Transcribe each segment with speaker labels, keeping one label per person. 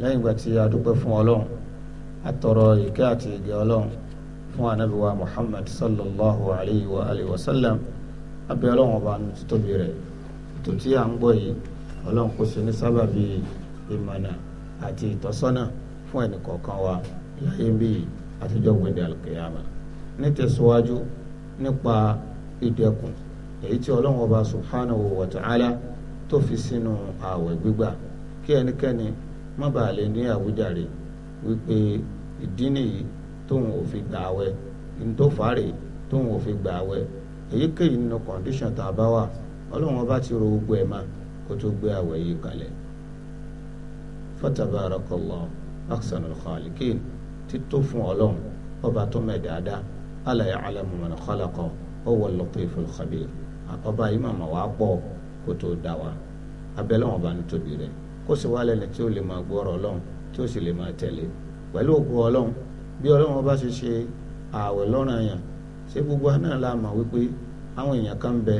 Speaker 1: lẹ́yìn ìgbà tí a dúpẹ́ fún ọlọ́run àtọ̀rọ̀ ìkẹ́ àti ìgẹ́ ọlọ́run fún anabi wa muhammad sallallahu alayhi wa alayhi wa sallam abẹ́ ọlọ́run ọba nu títóbi rẹ̀ ètò tí à ń gbọ́ yìí ọlọ́run kò sí ní sábàbí ìmọ̀nà àti ìtọ́sọ́nà fún ẹnì kọ̀ọ̀kan wa láyé bíi àtijọ́ gbẹ̀dẹ̀ alùkìyàmà nítẹ̀síwájú nípa ìdẹ̀kùn èyí tí ọlọ́run ọba subhanahu wa ta'ala tó fi sínú ààwẹ̀ gbígbà kí ẹnikẹ́ni má bàa lè ní àwíjàre wípé ìdí nìyí tóun ò fi gbà wẹ̀ ntòfàárẹ̀ tóun ò fi gbà wẹ̀ èyíkéyìí nínú kọ̀ǹdíṣàn tá a bá wà ọlọ́run ọba ti ro gbogbo ẹ̀ máa kó tó gbé àwẹ̀ yìí kalẹ̀ fatabarakallahu ahsanul khaliqin tító fún ọlọ́run ọba tó mẹ́ dáadáa ala ya'lamu man khalaqa huwa al-latiful ọba yìí màmá wàá pọ̀ kó tó dá wa abẹ́lẹ́ wọn bá ń tóbi rẹ̀ kó sì wá lẹ́lẹ̀ tí ó lè máa gbọ́ ọ̀rọ̀ ọlọ́run tí ó sì lè máa tẹ̀lé pẹ̀lú ògùn ọlọ́run bí ọlọ́run bá ṣe ṣe ààwẹ̀ lọ́rùn àyàn ṣé gbogbo àná la mọ̀ wípé àwọn èèyàn kan ń bẹ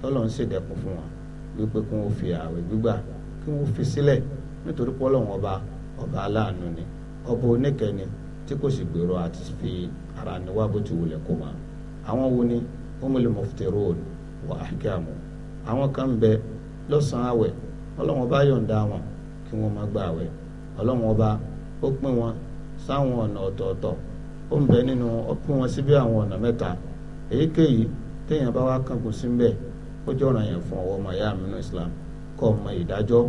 Speaker 1: tọ́lọ́run ṣèdẹ̀kùn fún wọn wípé kí wọ́n fi ààwẹ̀ gbígbà kí wọ́n fi sílẹ̀ nítorí pé ọba ọba aláàánú ni ọba oníkẹ́ni tí kò sì gbèrò àti fi ara níwá bó ti wulẹ̀ kó máa àwọn wo ni umul muftirun wa ahkamu àwọn kan ń bẹ lọ́sàn-án àwẹ̀ ọlọ́run ọba yọ̀ǹda wọn kí wọ́n má gbà wẹ̀ ọlọ́run ọba ó pín wọn sáwọn ọ̀nà ọ̀tọ̀ọ̀tọ̀ ó ń bẹ nínú ó pín wọn síbí àwọn ọ̀nà mẹ́ta èyíkéyìí téèyàn bá wá kángun sí mbẹ̀ ó jẹ́ yẹn fún ọwọ́ ọmọ ìyá mi Islam kọ́ ọmọ ìdájọ́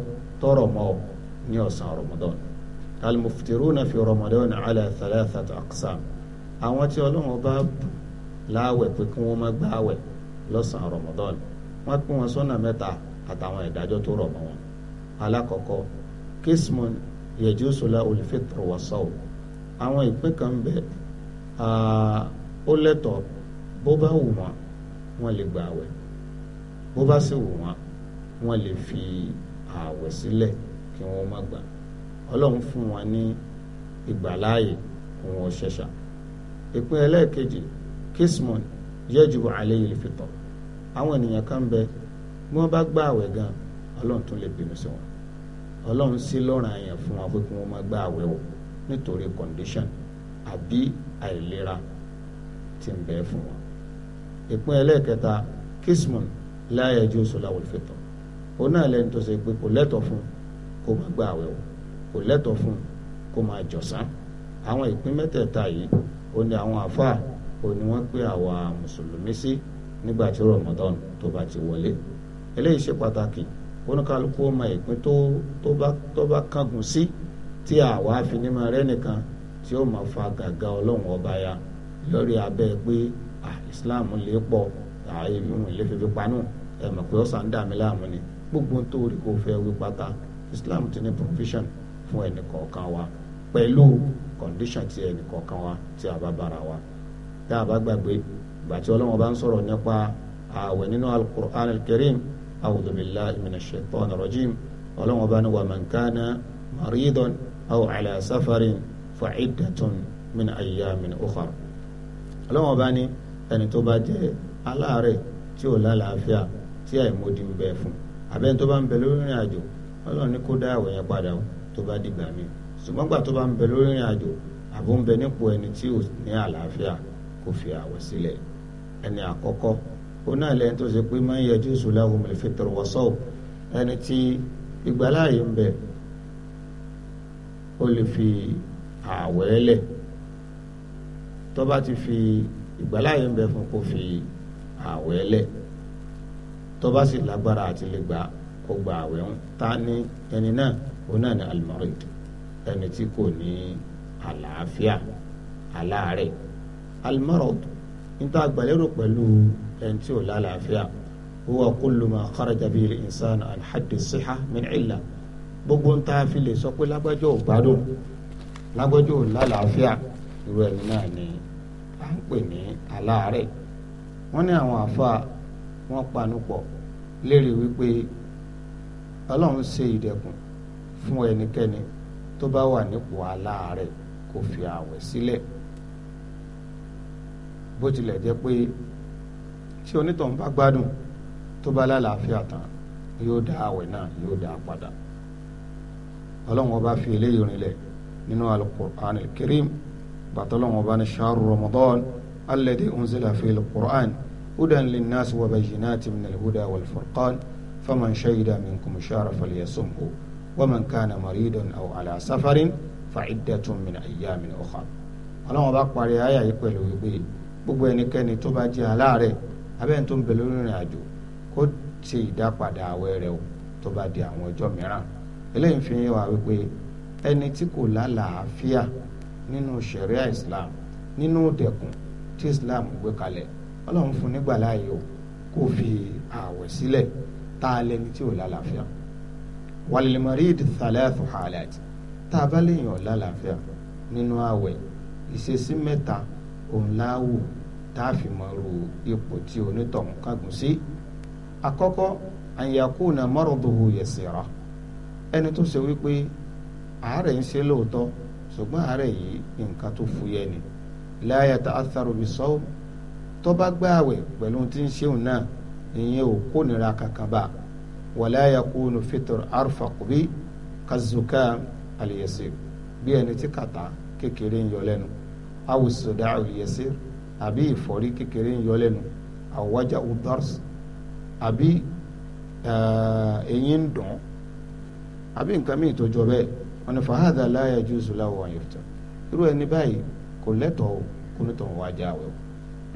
Speaker 1: tọrọ mọ́ ọ ní ọ̀sán al-muftiruna fi Ramadan ala thalathati àwọn tí ọlọ́run ọba láwẹ̀ pé kí wọ́n má lọ́sàn kismun yajusu lahu al-fitru wa sawm àwọn ìpín kan bẹ ó lẹ́tọ̀ bó bá wù wọ́n wọ́n lè gba àwẹ̀ bó bá sì wù wọ́n wọ́n lè fi àwẹ̀ sílẹ̀ kí wọ́n má gbà ọlọ́run fún wọn ní ìgbàláàyè wọn ò ìpín ẹlẹ́ẹ̀kejì kismun yajibu alayhi al-fitr àwọn ènìyàn kan bẹ bí wọ́n bá gba àwẹ̀ gan ọlọ́run tún lè bínú sí wọn ọlọ́run sí lọ́ràn àyàn fún wa pé kí wọ́n máa gba àwẹ̀ wọ̀ nítorí condition àbí àìlera tí ń bẹ fún wa. ìpín ẹlẹ́ẹ̀kẹta kismun la yajuzu lawul fitr òun náà lẹ́nu tó ṣe pé kò lẹ́tọ̀ fún kó máa gba àwẹ̀ wọ̀ kò lẹ́tọ̀ fún kó máa jọ̀sán àwọn ìpín mẹ́tẹ̀ẹ̀ta yìí ó ní àwọn àfáà ó ní wọ́n pé àwa mùsùlùmí sí nígbà tí Ramadan tó bá ti wọlé eléyìí ṣe pàtàkì oníkálukú ọmọ ìpín tó tó bá tó bá kángun sí tí àwa fi ní máa rẹ́ nìkan tí ó máa fa gàgà ọlọ́run ọba ya lórí abẹ́ pé islam lè pọ̀ àìmú lè fi fi panú ẹ̀ mọ̀ pé ọ̀sán dà mí láàmú ni gbogbo tó rí kó fẹ́ wí pátá islam ti ní provision fún ẹnì kọ̀ọ̀kan wa pẹ̀lú condition ti ẹnì kọ̀ọ̀kan wa tí a bá bára wa tá a bá gbàgbé ìgbà tí ọlọ́run ọba ń sọ̀rọ̀ nípa ààwẹ̀ nínú alukur'an al-karim. al al أعوذ بالله من الشيطان الرجيم ولو بان ومن كان مريضا أو على سفر فعدة من أيام أخر ولو بان أن تبادي على ري تيو لا لافيا تيا مودي بيفون abẹ́ni tó bá ń bẹ lórí ìrìn àjò ọlọ́run ní kó dá àwọ̀ yẹn padà o tó bá dìgbà mi ṣùgbọ́n gbà tó bá ń bẹ lórí ìrìn àjò àbó ń bẹ nípò ẹni tí ò ní àlàáfíà kò fi àwọ̀ sílẹ̀ ẹni àkọ́kọ́ ó náà lẹ́yìn tó ṣe pé máa ń yẹjú ìṣúlá omi fìtọ̀rọ̀ wọ́sọ̀ ẹni tí ìgbàláàyè ń bẹ ó lè fi ààwẹ̀ lẹ̀ tó bá ti fi ìgbàláàyè ń bẹ fún kó fi ààwẹ̀ lẹ̀ tó bá sì lágbára àti lè gbà gba ààwẹ̀ ń ta ní ẹni náà ó náà ní almarid ẹni tí kò ní àlàáfíà aláàárẹ̀ almarod níta gbàlérò pẹ̀lú. ẹni tí ò huwa kullu ma kharaja bihi al-insanu an haddi siha min illa gbogbo ń fi lè sọ pé lágbájọ́ ò gbádùn lágbájọ́ ò lálàáfíà irú ẹni náà ni à ń ní wọ́n ní àwọn àfa wípé ṣe fún tó bá wà nípò pé tí onítọ̀hún bá gbádùn tó bá lálàáfíà tán yóò dá àwẹ̀ náà yóò dá padà ọlọ́run ọba fi eléyìí rinlẹ̀ nínú alukur'an kirim bàtọ́lọ́run ọba ní shahru ramadan alladhi unzila fi alukur'an hudan linnas wa bayyinatin min alhuda wal furqan faman shahida minkum shahra falyasumhu waman kana maridan aw ala safarin fa iddatun min ayyamin ukhra ọlọ́run ọba parí ayà pẹ̀lú wípé gbogbo ẹnikẹ́ni tó bá jẹ́ aláàrẹ̀ abẹ́ni tó ń bẹ lórí ìrìn àjò kó ṣe ìdápadà àwẹ̀ rẹ̀ o tó bá di àwọn ọjọ́ mìíràn eléyìí fi hàn wípé ẹni tí kò lálàáfíà nínú ṣẹ̀ríà islam nínú dẹ̀kùn tí islam gbé kalẹ̀ ọlọ́run fún nígbà láàyè o kò fi ààwẹ̀ sílẹ̀ tá a lẹni tí ò lálàáfíà wàlìmọ̀rìd thalathu halat tá a bá lèèyàn lálàáfíà nínú ààwẹ̀ ìṣesí mẹ́ta òun láwù tá a fi mọ̀rù ipò tí onítọ̀hún kagùn sí àkọ́kọ́ àyàkúnà mọ́rọ̀dùhù yẹ̀sìrà ẹni tó ṣe wípé àárẹ̀ ń ṣe lóòótọ́ ṣùgbọ́n àárẹ̀ yìí nǹkan tó fúyẹ́ ni láyà tá a sàrò bí sọ́ọ́ tó bá gbààwẹ̀ pẹ̀lú tí ń ṣeun náà ìyẹn ò kó kankan bá wàlá yakunu fitr arfakubi kazuka aliyasir bí ẹni tí kàtà kékeré ń yọ lẹ́nu awùsùdá aliyasir àbí ìfọ́rí kékeré ń yọ lẹ́nu àwọ̀wájà udars àbí eh, eyín ń dùn àbí nǹkan míì tó jọ wọn ni fàhádà la yajuzu lahu an yuftar irú ẹni báyìí kò lẹ́tọ̀ọ́ kó ní tọ̀hún wájà àwẹ̀ o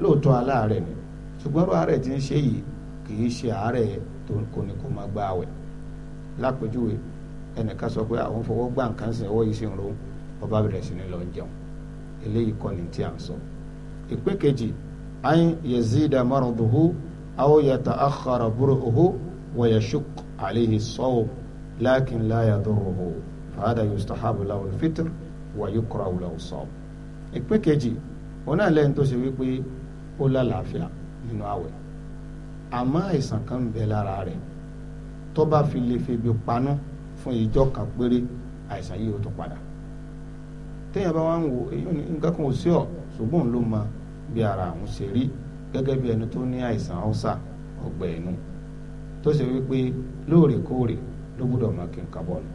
Speaker 1: lóòótọ́ aláàárẹ̀ ni ṣùgbọ́n ọ̀rọ̀ àárẹ̀ ti ń ṣe yìí kì í ṣe àárẹ̀ tó kò ní kó máa gba àwẹ̀ lápèjúwe ẹnìkan sọ pé àwọn fọwọ́ gbà nǹkan sìn ọwọ́ yìí sì ń ro ọba bẹ̀rẹ̀ sí ni lọ jẹun eléyìí kọ́ ni tí à ń sọ. So ìpín kejì ayin yazida maraduhu awo yata akhara buruhu wayashuk alayhi saw lakin la yaduruhu fàdà yustahabu lahu alfitr wa yukrahu lahu saw ìpín kejì wọn náà lẹ́yìn tó ṣe wípé ó lálàáfíà nínú àwẹ̀ àmọ́ àìsàn kan ń bẹ lára rẹ̀ tó bá fi lè febi panú fún ìjọ kan péré àìsàn yìí ó tún padà téèyàn bá wá ń wò èyí ò ní nǹkan kan ò sí ọ̀ ṣùgbọ́n ló mọ bí ara àwọn ṣe rí gẹ́gẹ́ bí ẹni tó ní àìsàn ọ̀sà ọgbẹ́ ẹnu tó ṣe wípé lóòrèkóòrè ló gbọ́dọ̀ máa kí n kábọ̀ lọ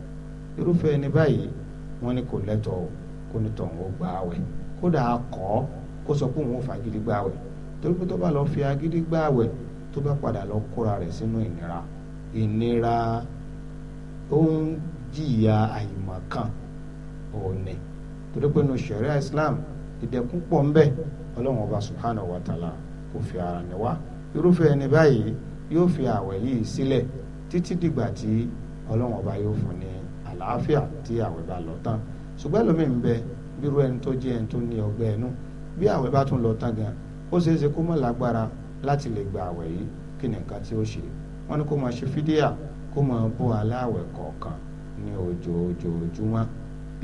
Speaker 1: irúfẹ́ ẹni báyìí wọ́n ní kò lẹ́tọ̀ọ́ kó ní tọ̀hún ó gbà àwẹ̀ kódà akọ́ kó sọ pé òun ò fagídí gbà àwẹ̀ torí pé tó bá lọ fi agídí gbà àwẹ̀ tó bá padà lọ kóra rẹ̀ sínú ìnira ìnira ó ń jìyà àìmọ̀kan òní torí pé nu ṣẹ̀ríà Islam ìdẹ̀kùn pọ̀ ń bẹ ọlọ́run ọba subhanahu wa ta'ala kò fi ara ní wá irúfẹ́ ẹni báyìí yóò fi àwẹ̀ yìí sílẹ̀ títí dìgbà tí ọlọ́run ọba yóò fún ní àlàáfíà tí àwẹ̀ bá lọ tán ṣùgbọ́n ẹlòmíì ń bẹ bírú ẹni tó jẹ́ ẹni tó ní ọgbẹ́ ẹnu bí àwẹ̀ bá tún lọ tán gan ó ṣeé ṣe kó mọ̀ lágbára láti lè gba àwẹ̀ yìí kí ni nǹkan tí ó ṣe wọ́n ní kó máa ṣe fídíà kó máa bọ́ aláwẹ̀ kọ̀ọ̀kan ní ojoojúmọ́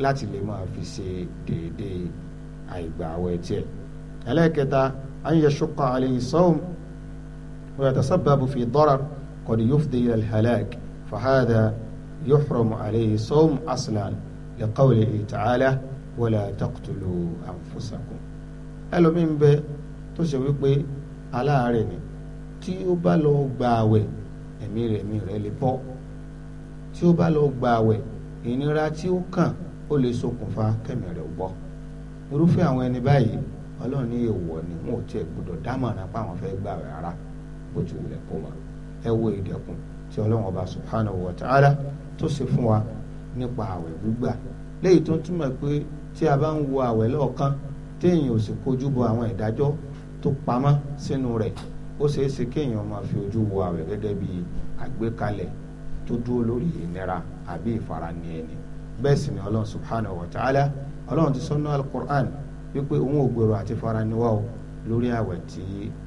Speaker 1: láti lè máa fi ṣe déédéé àìgbà àwẹ̀ tiẹ̀ ẹlẹ́ẹ̀kẹta an yashqa alayhi sawm wa yatasabbabu fi darar qad yufdi ila al-halak fa hadha yuhramu alayhi sawm aslan li qawlihi ta'ala wala taqtulu anfusakum ẹlòmíín bẹ tó ṣe wípé aláàárẹ̀ ni tí ó bá lọ gba àwẹ̀ ẹ̀mí rẹ̀ ẹ̀mí rẹ̀ lè bọ́ tí ó bá lọ gba àwẹ̀ ìnira tí ó kàn ó lè ṣokùnfà kẹ́mí rẹ̀ irúfẹ́ àwọn ẹni báyìí ọlọ́run ní èèwọ̀ ni wọn ò tiẹ̀ gbọdọ̀ dámọ̀ràn pé àwọn fẹ́ gbà rárá bó ti wulẹ̀ kó mọ̀ ẹ wo ìdẹ̀kùn tí ọlọ́run ọba subhanahu wa ta'ala tó ṣe fún wa nípa àwẹ̀ gbígbà léyìí tó ń túmọ̀ pé tí a bá ń wo àwẹ̀ lọ́ọ̀kan téèyàn ò sì kojú bọ àwọn ìdájọ́ tó pamọ́ sínú rẹ̀ ó ṣeé ṣe kéèyàn máa fi ojú wo àwẹ̀ gẹ́gẹ́ bí àgbékalẹ̀ tó dúró lórí ọlọ́run ti sọ́nà alukur'an wípé òun ò gbèrò àti faraniwa o lórí àwẹ̀ tí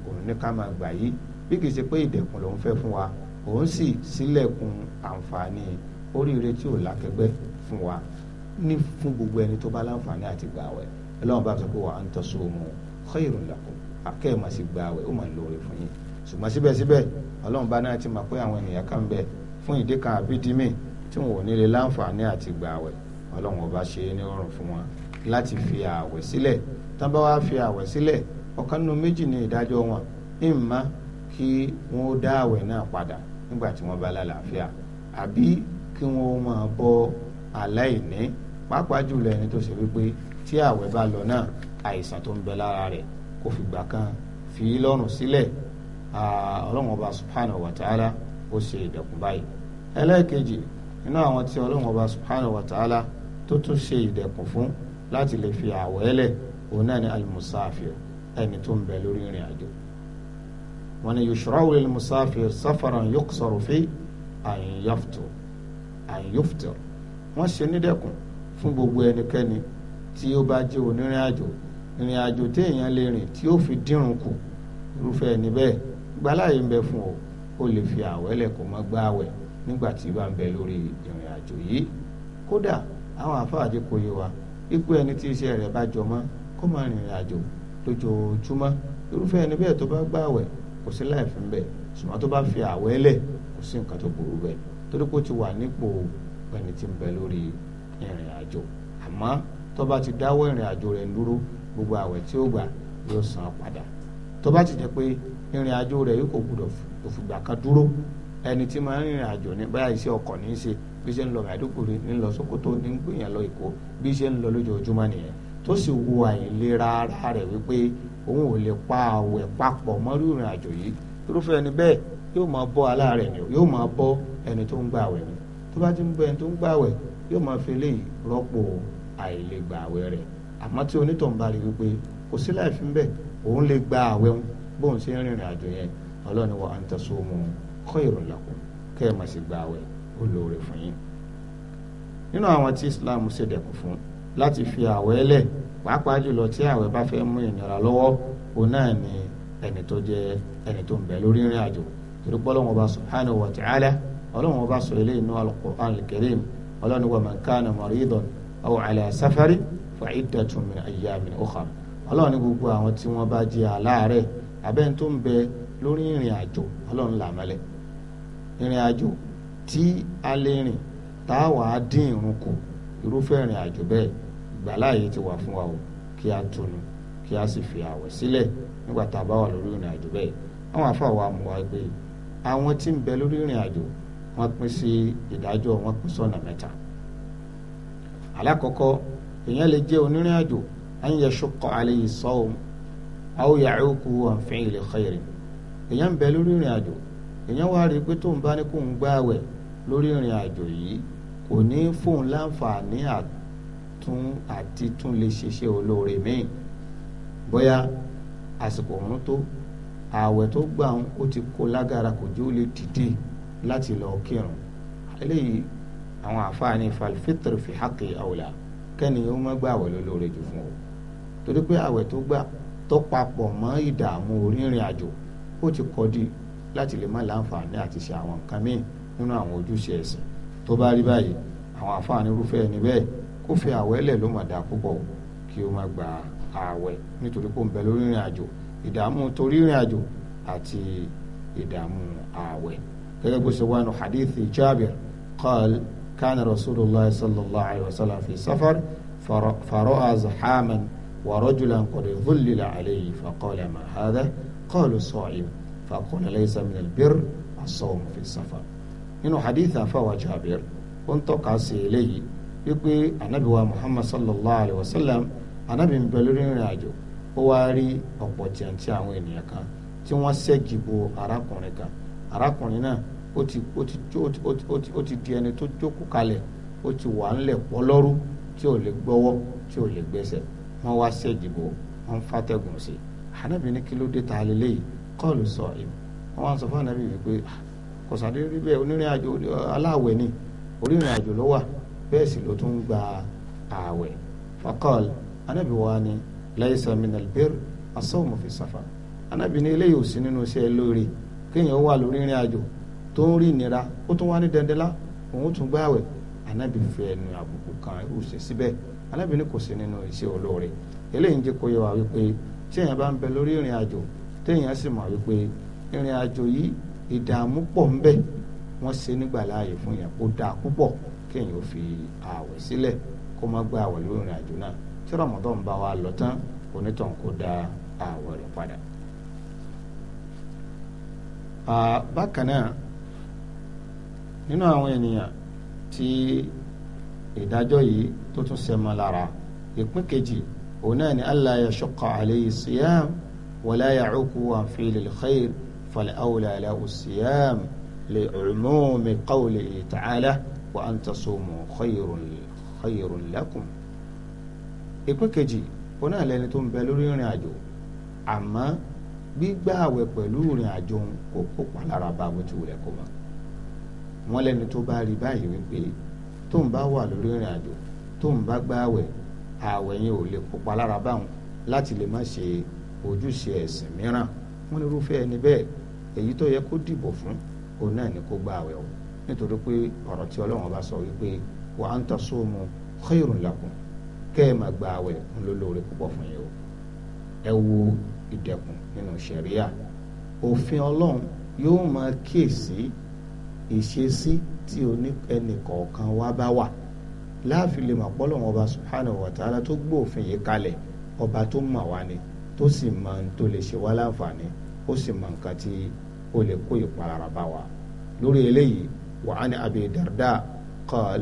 Speaker 1: òun ní ká máa gbà yìí bí kìí ṣe pé ìdẹ̀kùn lòun fẹ́ fún wa òun sì sílẹ̀kùn àǹfààní oríire tí ò lákẹgbẹ́ fún wa ní fún gbogbo ẹni tó bá láǹfààní àti gbà wẹ̀ ọlọ́run bá sọ pé wa an tasumu khairun lakum akẹ́ẹ̀ máa sì gbà wẹ̀ ó máa lóore fún yín ṣùgbọ́n síbẹ̀síbẹ̀ ọlọ́run bá náà ti mọ̀ pé àwọn ènìyàn kan bẹ fún ìdí kan àbídí tí wọn ò ní lè láǹfààní àti gbà wẹ̀ ọlọ́run ọba ṣe é ní ọrùn fún wọn láti fi ààwẹ̀ sílẹ̀ tán bá wá fi ààwẹ̀ sílẹ̀ ọ̀kan nínú méjì ní ìdájọ́ wọn ìmọ̀ kí wọ́n ó dá ààwẹ̀ náà padà nígbà tí wọ́n bá lálàáfíà àbí kí wọ́n ó máa bọ́ aláìní pàápàá jùlọ ẹni tó ṣe wípé tí ààwẹ̀ bá lọ náà àìsàn tó ń bẹ lára rẹ̀ kò fìgbà kan fi lọ́rùn sílẹ̀ ọlọ́run ọba subhanahu wa ta'ala ó ṣe ìdẹ̀kùn báyìí ẹlẹ́ẹ̀kejì nínú àwọn tí ọlọ́run ọba subhanahu wa ta'ala tó tún ṣe ìdẹ̀kùn fún láti lè fi àwẹ̀ lẹ̀ òun náà ni alimusafir ẹni tó ń bẹ lórí ìrìn àjò wọn ni yusrawu lil musafir safaran yuqsaru fi àyìnyáfutọ̀ àyìnyófutọ̀ wọ́n ṣe nídẹ̀kùn fún gbogbo ẹnikẹ́ni tí ó bá jẹ́ onírìn àjò ìrìn àjò téèyàn lè rìn tí ó fi dírun kù irúfẹ́ ẹni bẹ́ẹ̀ gbàláyé ń bẹ fún ọ ó lè fi àwẹ̀ lẹ̀ kó má gbààwẹ̀ nígbà tí bá ń bẹ lórí ìrìn àjò yìí kódà àwọn àfáàjẹ kò yé wa ipò ẹni tí iṣẹ́ rẹ̀ bá jọmọ́ kó máa rìnrìn àjò lójoojúmọ́ irúfẹ́ ẹni bẹ́ẹ̀ tó bá gbààwẹ̀ kò sí láì fún bẹ́ẹ̀ ṣùgbọ́n tó bá fi àwẹ̀ lẹ̀ kò sí nǹkan tó burú bẹ́ẹ̀ torí kó ti wà nípò ẹni tí ń bẹ lórí ìrìn àjò àmọ́ tó bá ti dáwọ́ ìrìn àjò rẹ̀ dúró gbogbo àwẹ̀ tí ó gbà yóò san padà tó bá ti jẹ́ pé ìrìn àjò rẹ̀ yìí kò gbọdọ̀ òfìgbà kan dúró ẹni tí máa ń rìnrìn àjò ní báyà iṣẹ́ ọkọ̀ ní í ṣe bí ṣe ń lọ Maiduguri ń lọ Sokoto ń gbìyàn lọ Èkó bí ṣe ń lọ lójoojúmọ́ nìyẹn tó sì wo àìlera ara rẹ̀ wípé òun ò lè pa àwẹ̀ papọ̀ mọ́rú ìrìn àjò yìí irúfẹ́ ẹni bẹ́ẹ̀ yóò máa bọ́ aláàrẹ̀ ni yóò máa bọ́ ẹni tó ń gbà àwẹ̀ ni tó bá ti ń bọ́ ẹni tó ń gbà àwẹ̀ yóò máa fi eléyìí rọ́pò àìlègbà àwẹ̀ rẹ̀ àmọ́ tí onítọ̀hún bá rí wípé kò sí láì fi ń bẹ̀ òun lè gba àwẹ̀ wọn bóun ṣe ń rìnrìn àjò yẹn ọlọ́ni wa an tasumu khairun lakum kẹ́ ẹ̀ máa sì gba àwẹ̀ ó lóore fún yín nínú àwọn tí islam ṣe dẹ̀kùn fún láti fi àwẹ̀ lẹ̀ pàápàá jùlọ tí àwẹ̀ bá fẹ́ mú ìnira lọ́wọ́ òun náà ni ẹni tó jẹ ẹni tó ń bẹ lórí ìrìn àjò torí pé ọlọ́run ọba subhanahu wa ta'ala ọlọ́run ọba sọ ilé inú al-Qur'an al-Karim ọlọ́run wa man kana maridan aw ala safari fa iddatun min ayyamin ukhar ọlọ́run gbogbo àwọn tí wọ́n bá jẹ àláàrẹ̀ abẹ́ni tó ń bẹ lórí ìrìn àjò ọlọ́run làmọ́lẹ̀ ìrìn àjò tí a lè rìn tá a wàá dín ìrun kù irúfẹ́ ìrìn àjò bẹ́ẹ̀ ìgbàláàyè ti wà fún wa o kí a tunu kí a sì fi àwẹ̀ sílẹ̀ nígbà tá a bá wà lórí ìrìn àjò bẹ́ẹ̀ àwọn àfáà wa mú wa pé àwọn tí ń bẹ lórí ìrìn àjò wọ́n pín sí ìdájọ́ wọ́n pín sọ́nà mẹ́ta alákọ̀ọ́kọ́ èèyàn lè jẹ́ onírìn àjò an yashqa alayhi sawm aw ya'uquhu an fi'li khairin èèyàn ń bẹ lórí ìrìn àjò èèyàn wá rí i pé tóun bá ní kóun gbààwẹ̀ lórí ìrìn àjò yìí kò ní fóun láǹfààní àtún àti tún lè ṣiṣẹ́ olóore míì bóyá àsìkò òun tó ààwẹ̀ tó gbà ń ó ti kó lágara kò jó lè dìde láti lọ kírun eléyìí àwọn àfààní falfitr fi haqi awla kẹ́ni ó má gbà àwẹ̀ lólóore jù fún o torí pé àwẹ̀ tó gbà tó papọ̀ mọ́ ìdààmú orírìn àjò ó ti kọ́ di láti lè má láǹfààní àti ṣe àwọn nǹkan míì nínú àwọn ojúṣe ẹ̀sìn tó bá rí báyìí àwọn àfààní irúfẹ́ ẹni bẹ́ẹ̀ kó fi àwẹ́lẹ̀ ló mà dáa púpọ̀ kí ó má gba ààwẹ̀ nítorí kó ń bẹ lórí ìrìn àjò ìdààmú torí ìrìn àjò àti ìdààmú ààwẹ̀ gẹ́gẹ́ bó ṣe wà nù hadithi Jabir qal kana rasulullah sallallahu alayhi wa sallam fi safar faro'a zahaman wa rajulan qad dhullila alayhi faqala ma hadha qalu sa'im faqala laysa min albir as fi safar nínú hadith àfàwà Jabir ó ń tọ́ka sí eléyìí wípé anabi wa Muhammad sallallahu alayhi wa sallam anabi ń bẹ lórí ìrìn àjò ó wá rí ọ̀pọ̀ tiẹ̀ntì àwọn ènìyàn kan tí wọ́n ṣẹ́gi bo arákùnrin kan arákùnrin náà ó ti ó ti ó ti ó ti ó ti di ẹni tó jókòó kalẹ̀ ó ti wà ńlẹ̀ pọ́lọ́rú tí ò lè gbọ́wọ́ tí ò lè gbẹ́sẹ̀ wọ́n wá ṣẹ́gi bo wọ́n fàtẹ́gùn sí i anabi ní kí ló dé ta lélẹ́yìí kọ́ọ̀lù sọ ìmọ̀ wọ́n sọ fún anabi wípé ah kò sáré rí bẹ́ẹ̀ onírìn àjò aláwẹ̀ ni orírìn àjò ló wà bẹ́ẹ̀ sì ló tún gba ààwẹ̀ fakọ́l anábì wa ni laisa minal bir asọ́ọ̀mù fi safar anábì ní eléyìí ò sí nínú iṣẹ́ lóore kéèyàn wà lórí ìrìn àjò tó ń rí ìnira ó tún wá ní dandanlá òun tún gba ààwẹ̀ anábì fi ẹnu àbùkù kan irú ṣe síbẹ̀ anábì ní kò sí nínú iṣẹ́ olóore eléyìí ń jẹ́ kó yẹ wá wípé tí èèyàn bá ń bẹ lórí ìrìn àjò téèyàn sì mọ̀ wípé ìrìn àjò yìí ìdààmú pọ̀ ń bẹ wọ́n ṣe nígbà láàyè fún yẹn kó dáa púpọ̀ kéèyàn ó fi ààwẹ̀ sílẹ̀ kó má gba ààwẹ̀ lórí ìrìn àjò náà tí Ramadan bá wa lọ tán onítàn kó dá ààwẹ̀ rẹ̀ padà. bákan náà nínú àwọn ènìyàn tí ìdájọ́ yìí tó tún sẹ́mọ́ lára ìpín kejì òun náà ni allah yashoqa alayhi siyam wala ya'uku an fi'lil khair. فالأولى له الصيام لعموم قوله تعالى وأن تصوموا خير خير لكم ìpín kejì òun náà lẹni tó ń bẹ lórí ìrìn àjò àmọ́ gbígbà àwẹ̀ pẹ̀lú ìrìn àjò kò kópa lára bá bó ti wulẹ̀ kó mọ́ wọn lẹni tó bá rí báyìí wípé tó ń bá wà lórí ìrìn àjò tó ń bá gbà àwẹ̀ àwẹ̀ yẹn ò lè kópa lára báwọn láti lè má ṣe ojúṣe ẹ̀sìn mìíràn wọ́n ní irúfẹ́ ẹni bẹ́ẹ̀ èyí tó yẹ kó dìbò fún òun náà ni kó gba àwẹ̀ o nítorí pé ọ̀rọ̀ tí Ọlọ́run bá sọ wípé wa an tasumu khayrun lakum kẹ́ ẹ̀ máa gba àwẹ̀ ń ló lóore púpọ̀ fún yín o ẹ wo ìdẹ̀kùn nínú ṣẹ̀ríà òfin Ọlọ́run yóò máa kíyèsí ìṣesí tí ẹnì kọ̀ọ̀kan wa bá wà láàfin lè mọ̀ pé Ọlọ́run ọba subhanahu wa ta'ala tó gbé yìí kalẹ̀ ọba tó mọ̀ wá ni tó sì mọ tó lè ṣe wá láǹfààní ó sì mọ nǹkan tí ó lè kó ìpalára bá wa lórí eléyìí wa an abi darda qal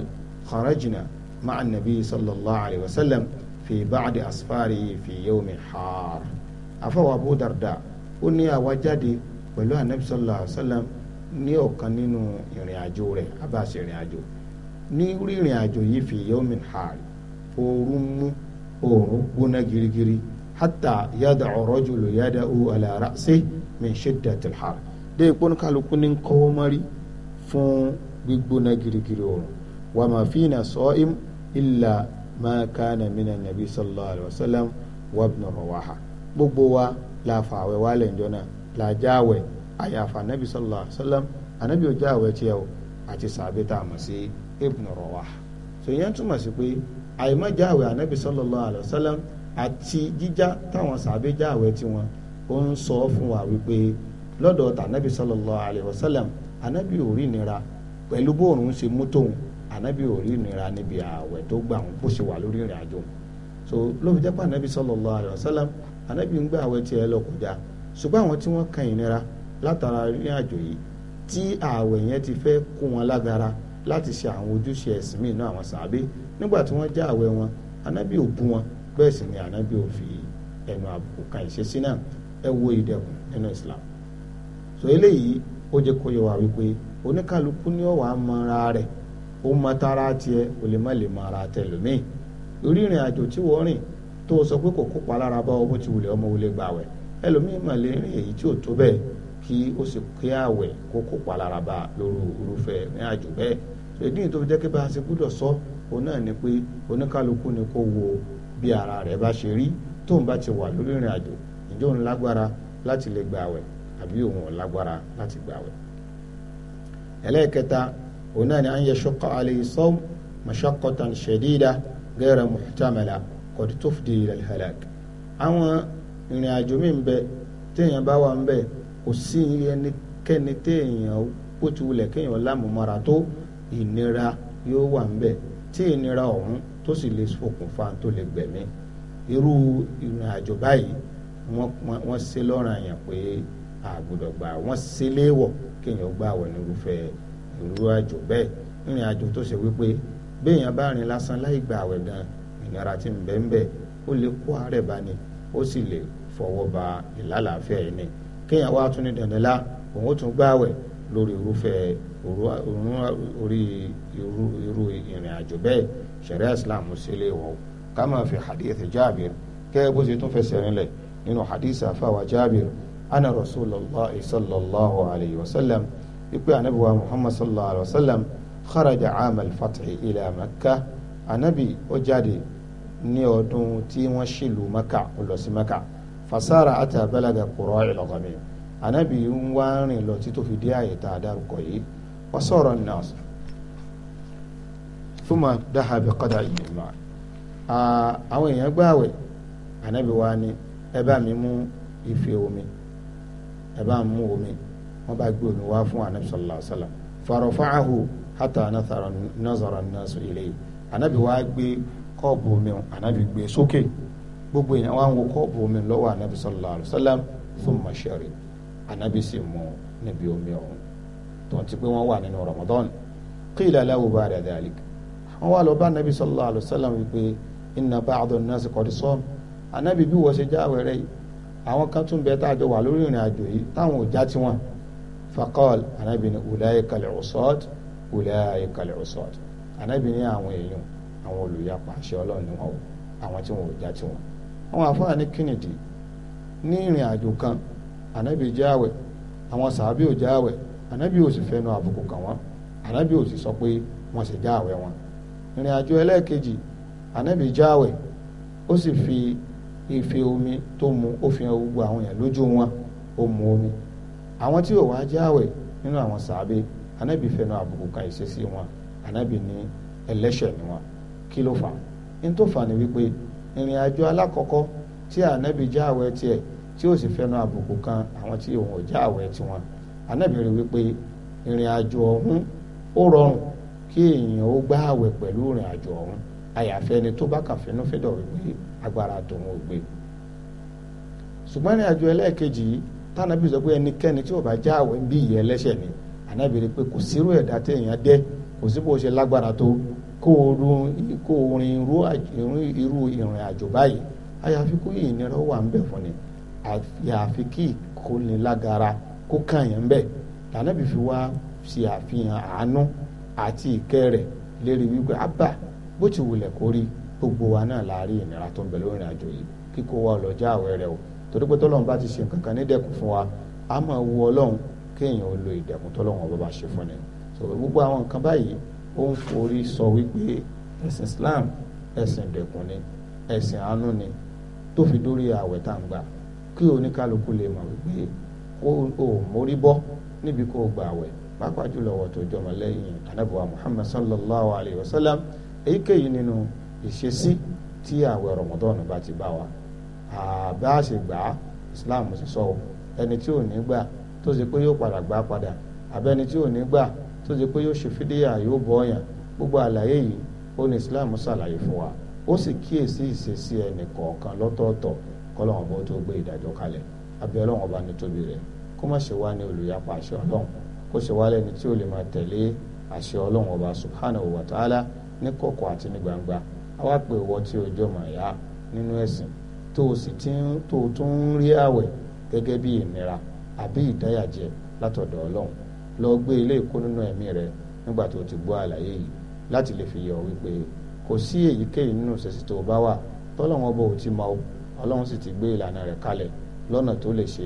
Speaker 1: kharajna ma'a nabi sallallahu alayhi wa sallam fi ba'di asfarihi fi yawmi har afawo abu darda ó ní àwa jáde pẹ̀lú anabi sallallahu alayhi wa sallam ní ọ̀kan nínú ìrìn àjò rẹ̀ abáṣe ìrìn àjò ní rírìn àjò yìí fi yawmi har oorun mú oorun gbóná girigiri. Giri hatta yada rajulu yada u ala ra'si min shiddatil har de ipon kálukú ni kowo mari fún gbígbóná girigiri oòrùn wa ma fina sa'im illa ma kana min annabi sallallahu alaihi wasallam wa ibn rawaha gbogbo wa la fàwẹ̀ wa le njona la jáwẹ̀ àyàfà anabi sallallahu alaihi wasallam anabi ò jáwẹ̀ tiẹ̀ o àti sàbẹ tá a mọ̀ sí ibn rawaha so ìyẹn túmọ̀ sí pé àìmọ̀ jáwẹ̀ anabi sallallahu alaihi wasallam àti jíjá táwọn sàbẹjá àwẹ̀ tiwọn ó ń sọ fún wa wípé lọ́dọ̀ tànàbí sallallahu alayhi wa sallam ànábì ò rí ìnira pẹ̀lú bóòrùn ṣe mú tóun ànábì ò rí ìnira níbi ààwẹ̀ tó gbà wọn bó ṣe wà lórí ìrìn àjò so ló fi jẹ́ pé ànábì sallallahu alayhi wa sallam ànábì ń gbà àwẹ̀ tiẹ̀ lọ kọjá ṣùgbọ́n àwọn tí wọ́n kan ìnira látara ìrìn àjò yìí tí ààwẹ̀ yẹn ti fẹ́ kó wọn lágara láti ṣe àwọn ojúṣe ẹ̀sìn bẹ́ẹ̀ sì ni anabi ò fi ẹnu àbùkù kan ìṣesí náà ẹ wo ìdẹ̀kùn nínú islam so eléyìí ó jẹ́ kó yẹ wá wípé oníkàlùkù ni ó wàá mọ ara re ó mọ tara tiẹ̀ ó lè má lè mọ ara tẹlòmíì orí ìrìn àjò tí wọ́n rìn tó o sọ pé kò kópa lára bá ọmọ tí wulẹ̀ ọmọ wulẹ̀ gbà wẹ̀ ẹlòmíì mà lè rìn èyí tí ò tó bẹ́ẹ̀ kí ó sì kí àwẹ̀ kó kópa lára bá lóru irúfẹ́ àjò bẹ́ẹ̀ so ìdí kí bá a ṣe ni pé oníkàlùkù bí ara rẹ̀ bá ṣe rí tóun bá ti wà lórí ìrìn àjò ǹjẹ́ òun lágbára láti lè gba àwẹ̀ àbí òun ò lágbára láti gba àwẹ̀. ẹlẹ́ẹ̀kẹta òun náà ni à ń yẹ ṣọkọ alayhi sawm mashaqqatan shadida ghayra muhtamala qad tufdi ila al-halak. àwọn ìrìn àjò mi ń bẹ téèyàn bá wà ń bẹ kò sí ẹnikẹ́ni téèyàn bó wulẹ̀ kéèyàn lámùmọ́ra tó ìnira yóò wà ń bẹ tí ìnira ọ̀hún tó sì lè ṣokùnfà tó lè gbẹ̀mí irú ìrìn àjò báyìí wọ́n ṣe lọ́ranyàn pé àgùdọ̀ gbà wọ́n ṣe léèwọ̀ kéèyàn gbà wọ̀ nírúfẹ́ ìrú àjò bẹ́ẹ̀ ìrìn àjò tó ṣe wípé béèyàn bá rìn lásán láì gba àwẹ̀ gan ìnira tí ń bẹ́ẹ̀ bẹ́ẹ̀ ó lè kó àárẹ̀ bá ní ó sì lè fọwọ́ ba ìlàlàáfíà yìí ni kéèyàn wá tún ní dandan òun ó tún gbà àwẹ̀ lórí irúfẹ́ orí irú ìrìn àjò bẹ́ẹ̀ sẹ̀ríà islam ṣe lè wọ̀ ká máa fi hadith jaabir kẹ́ bó ṣe tún fẹsẹ̀ rinlẹ̀ nínú hadith àfàwà jaabir ana rasulullah sallallahu alayhi wa sallam ipe anabi wa muhammad sallallahu alayhi wa sallam kharaja amal fatih ila makkah anabi ó jáde ní ọdún tí wọ́n ṣìlú maka ó lọ sí maka fasara ata balaga kúrọ́ ìlọ́gọ́mi anabi ń wá rìn lọ títí fi dé àyè tá a dárúkọ yìí wọ́n fún ma dáhà bí kọ́dà yìí lọ. àwọn èèyàn gbààwẹ̀ ànábì wa ni ẹ bá mi mú ife omi ẹ bá mú omi wọn bá gbé omi wá fún ànábì sallallahu alaihi wasallam farafa'ahu hatta nazara an-nasu ilayhi ànábì wa gbé kọ́ọ̀bù omi ànábì gbé e sókè gbogbo èèyàn wá wo kọ́ọ̀bù omi lọ́wọ́ ànábì sallallahu alaihi wasallam thumma shari ànábì sì mú níbi omi ọ̀hún tó ń ti pé wọ́n Ramadan qila lahu ba'da dhalik wọ́n wá lọ bá anabi sallallahu alayhi wa sallam wípé inna ba'dun nasi qad sọ́ọ̀mù anabi bí wọ́n ṣe jáwé rẹ̀ yìí àwọn kan tún bẹ tá a jọ wà lórí ìrìn àjò yìí táwọn ò já tiwọn faqal anabi ni ulaika al-usat ulaika al-usat anabi ni àwọn èèyàn àwọn olùyapa àṣẹ ọlọ́run ni wọn o àwọn tí wọn ò já tiwọn. àwọn àwọn sàábì anabi ò sì sọ pé wọn sì jáwé wọn ìrìn àjò ẹlẹ́ẹ̀kejì ànábì jáwẹ̀ ó sì fi ife omi tó mu ó fi hàn gbogbo àwọn èèyàn lójú wọn ó mu omi àwọn tí ò wá jáwẹ̀ nínú àwọn sàábé ànábì fẹnu àbùkù kan ìṣesí wọn ànábì ní ẹlẹ́ṣẹ̀ ni wọn kí ló fà ń tó fà ní wípé ìrìn àjò alákọ̀ọ́kọ́ tí ànábì jáwẹ̀ tiẹ̀ tí ó sì fẹnu àbùkù kan àwọn tí òun ò jáwẹ̀ tiwọn ànábì rí wípé ìrìn àjò ọ̀hún ó rọrùn kí èèyàn ó gbá àwẹ̀ pẹ̀lú ìrìn àjò ọ̀hún àyàfẹ́ tó bá agbára tòun ò gbé ṣùgbọ́n àjò ẹlẹ́ẹ̀kejì tánàbí sọ pé ẹnikẹ́ni tí ni ànábìrì pé kò sírú ẹ̀dá téèyàn dẹ́ kò sí bó ṣe lágbára tó kó o irú ìrìn àjò àti ìkẹ́ rẹ̀ lérí wípé abba bó ti wulẹ̀ kó rí gbogbo wa náà láàrin ìnira tó ń bẹ lórí àjò yìí kíkó wa ọlọ́jà àwẹ̀ rẹ o torí pé tọ́lọ́run bá ti ṣe nǹkan kan ní dẹ̀kun fún wa a máa wu ọlọ́run kéèyàn ó lo ìdẹ̀kun tọ́lọ́run ọba bá ṣe fún ni so gbogbo àwọn nǹkan báyìí ó ń forí sọ wípé ẹ̀sìn Islam ẹ̀sìn ìdẹ̀kun ni ẹ̀sìn àánú ni tó fi dórí àwẹ̀ tá à ń gbà kí oníkálukú lè mọ̀ wípé o ò mórí bọ́ níbi kó gbà àwẹ̀ pàápàá jùlọ wọ́n tó jọmọ lẹ́yìn anábùwà muhammad sallallahu alayhi wa sallam èyíkéyìí nínú ìṣesí tí àwẹ̀ rọ̀mọ́dọ́nù bá ti bá wa àbá ṣe gbà á islam sì sọ ẹni tí ò ní gbà tó ṣe pé yóò padà gbà padà àbẹ́ni tí ò ní gbà tó ṣe pé yóò ṣe fídíà yóò bọ́ ọ̀yàn gbogbo àlàyé yìí ó ní islam ṣàlàyé fún wa ó sì kíyèsí ìṣesí ẹnì kọ̀ọ̀kan lọ́tọ̀ọ̀tọ̀ kọ́lọ́wọ́n bó tó gbé ìdájọ́ kalẹ̀ abẹ́ ọlọ́wọ́n bá ní tóbi rẹ̀ kó má ṣe wá ní olùyapa àṣẹ ọlọ́wọ́n kó ṣe wálẹ̀ ní tí o lè máa tẹ̀lé àṣẹ ọlọ́run ọba subhanahu wa ta'ala ní kọ̀kọ̀ àti ní gbangba àwa pè tí ojú ọmọ nínú ẹ̀sìn tó sì ti ń tó o tún ń rí àwẹ̀ gẹ́gẹ́ bí ìnira àbí ìdáyàjẹ́ látọ̀dọ̀ ọlọ́run lọ gbé ilé ìkó nínú ẹ̀mí rẹ nígbà tó ti gbọ́ àlàyé yìí láti lè fi yọ wípé kò sí èyíkéyìí nínú tó bá ti mọ ọlọ́run sì ti gbé ìlànà rẹ̀ kalẹ̀ lọ́nà tó lè ṣe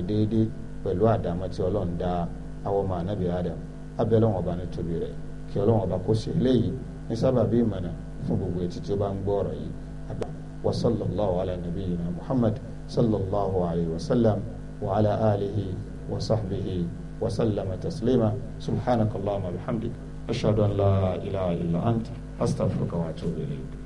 Speaker 1: àwọn ọmọ anabi adam abẹ́lẹ́ wọn bá ní tóbi rẹ̀ kí ọlọ́wọ́n bá kó ṣe léyìí ní sábàbí ìmọ̀nà fún gbogbo etí tí ó bá ń gbọ́ ọ̀rọ̀ yìí abba wa sallallahu ala nabiyyina muhammad sallallahu alayhi wa sallam wa ala alihi wa sahbihi wa sallama taslima subhanakallahumma wa bihamdik ashhadu an la ilaha illa anta astaghfiruka wa atubu ilayk.